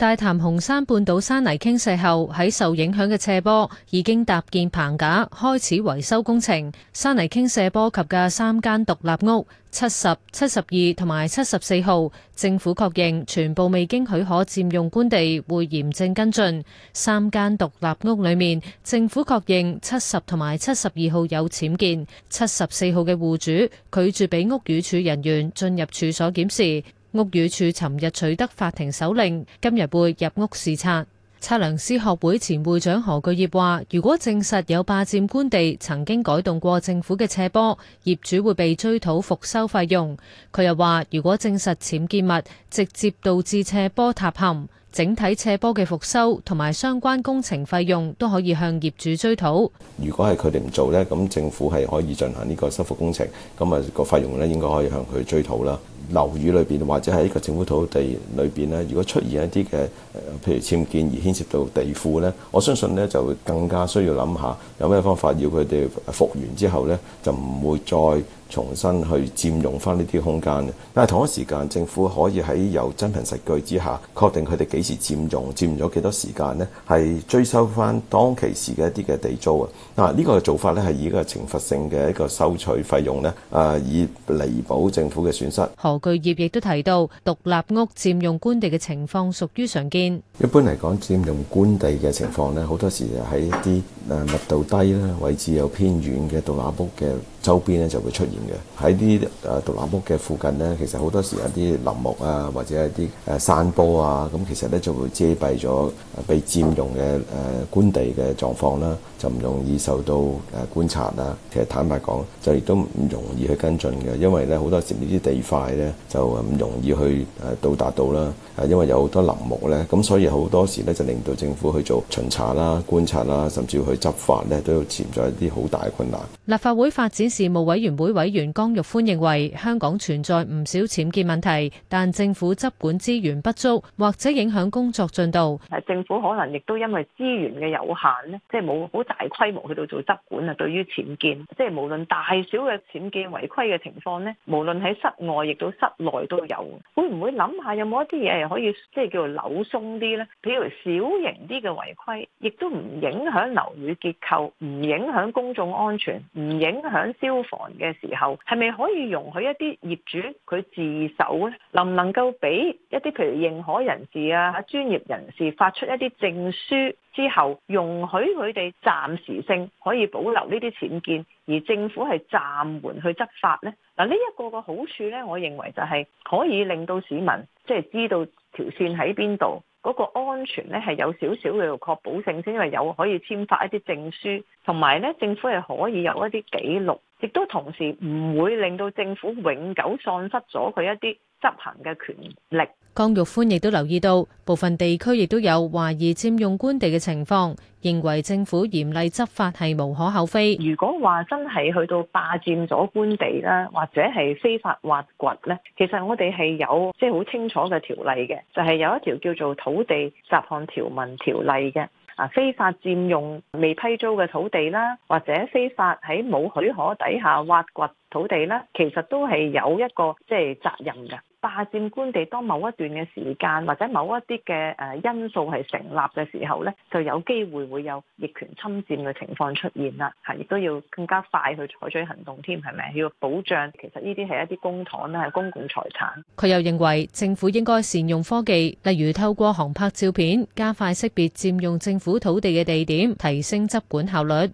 大潭紅山半島山泥傾瀉後，喺受影響嘅斜坡已經搭建棚架，開始維修工程。山泥傾瀉波及嘅三間獨立屋，七十七十二同埋七十四號，政府確認全部未經許可佔用官地，會嚴正跟進。三間獨立屋裏面，政府確認七十同埋七十二號有僭建，七十四號嘅戶主拒絕俾屋宇署人員進入處所檢視。屋宇署尋日取得法庭手令，今日會入屋視察。測量師學會前會長何巨業話，如果證實有霸佔官地，曾經改動過政府嘅斜坡，業主會被追討復修費用。佢又話，如果證實僭建物直接導致斜坡塌陷。整體斜坡嘅復修同埋相關工程費用都可以向業主追討。如果係佢哋唔做呢，咁政府係可以進行呢個修復工程。咁、那、啊個費用呢應該可以向佢追討啦。樓宇裏邊或者喺呢個政府土地裏邊呢，如果出現一啲嘅譬如僭建而牽涉到地庫呢，我相信呢就更加需要諗下有咩方法要佢哋復原之後呢，就唔會再重新去佔用翻呢啲空間，但係同一時間，政府可以喺有真憑實據之下，確定佢哋幾時佔用、佔咗幾多時間呢，係追收翻當其時嘅一啲嘅地租啊！嗱，呢個做法呢，係以一個懲罰性嘅一個收取費用呢，誒，以彌補政府嘅損失。何巨業亦都提到，獨立屋佔用官地嘅情況屬於常見。一般嚟講，佔用官地嘅情況呢，好多時喺啲誒密度低啦、位置又偏遠嘅獨立屋嘅周邊呢就會出現。喺啲誒獨立屋嘅附近呢，其實好多時有啲林木啊，或者係啲誒山坡啊，咁其實咧就會遮蔽咗被佔用嘅誒官地嘅狀況啦，就唔容易受到誒觀察啦。其實坦白講，就亦都唔容易去跟進嘅，因為咧好多時呢啲地塊咧就唔容易去誒到達到啦。誒因為有好多林木咧，咁所以好多時咧就令到政府去做巡查啦、觀察啦，甚至去執法咧，都要潛在一啲好大嘅困難。立法會發展事務委員會委員。議員江玉歡認為香港存在唔少僭建問題，但政府執管資源不足，或者影響工作進度。政府可能亦都因為資源嘅有限咧，即係冇好大規模去到做執管啊。對於僭建，即係無論大小嘅僭建違規嘅情況咧，無論喺室外亦到室內都有。會唔會諗下有冇一啲嘢可以即係叫做扭鬆啲呢？譬如小型啲嘅違規，亦都唔影響樓宇結構，唔影響公眾安全，唔影響消防嘅時候。後係咪可以容許一啲業主佢自首咧？能唔能夠俾一啲譬如認可人士啊、專業人士發出一啲證書之後，容許佢哋暫時性可以保留呢啲僭建，而政府係暫緩去執法呢？嗱，呢一個個好處呢，我認為就係可以令到市民即係、就是、知道條線喺邊度，嗰、那個安全呢，係有少少嘅確保性，先因為有可以簽發一啲證書，同埋呢，政府係可以有一啲記錄。亦都同時唔會令到政府永久喪失咗佢一啲執行嘅權力。江玉歡亦都留意到部分地區亦都有懷疑佔用官地嘅情況，認為政府嚴厲執法係無可厚非。如果話真係去到霸佔咗官地啦，或者係非法挖掘呢，其實我哋係有即係好清楚嘅條例嘅，就係有一條叫做土地雜項條文條例嘅。啊！非法佔用未批租嘅土地啦，或者非法喺冇許可底下挖掘。土地咧，其實都係有一個即係責任嘅霸佔官地。當某一段嘅時間或者某一啲嘅誒因素係成立嘅時候咧，就有機會會有逆權侵佔嘅情況出現啦。嚇，亦都要更加快去採取行動添，係咪要保障？其實呢啲係一啲公帑咧，係公共財產。佢又認為政府應該善用科技，例如透過航拍照片加快識別佔用政府土地嘅地點，提升執管效率。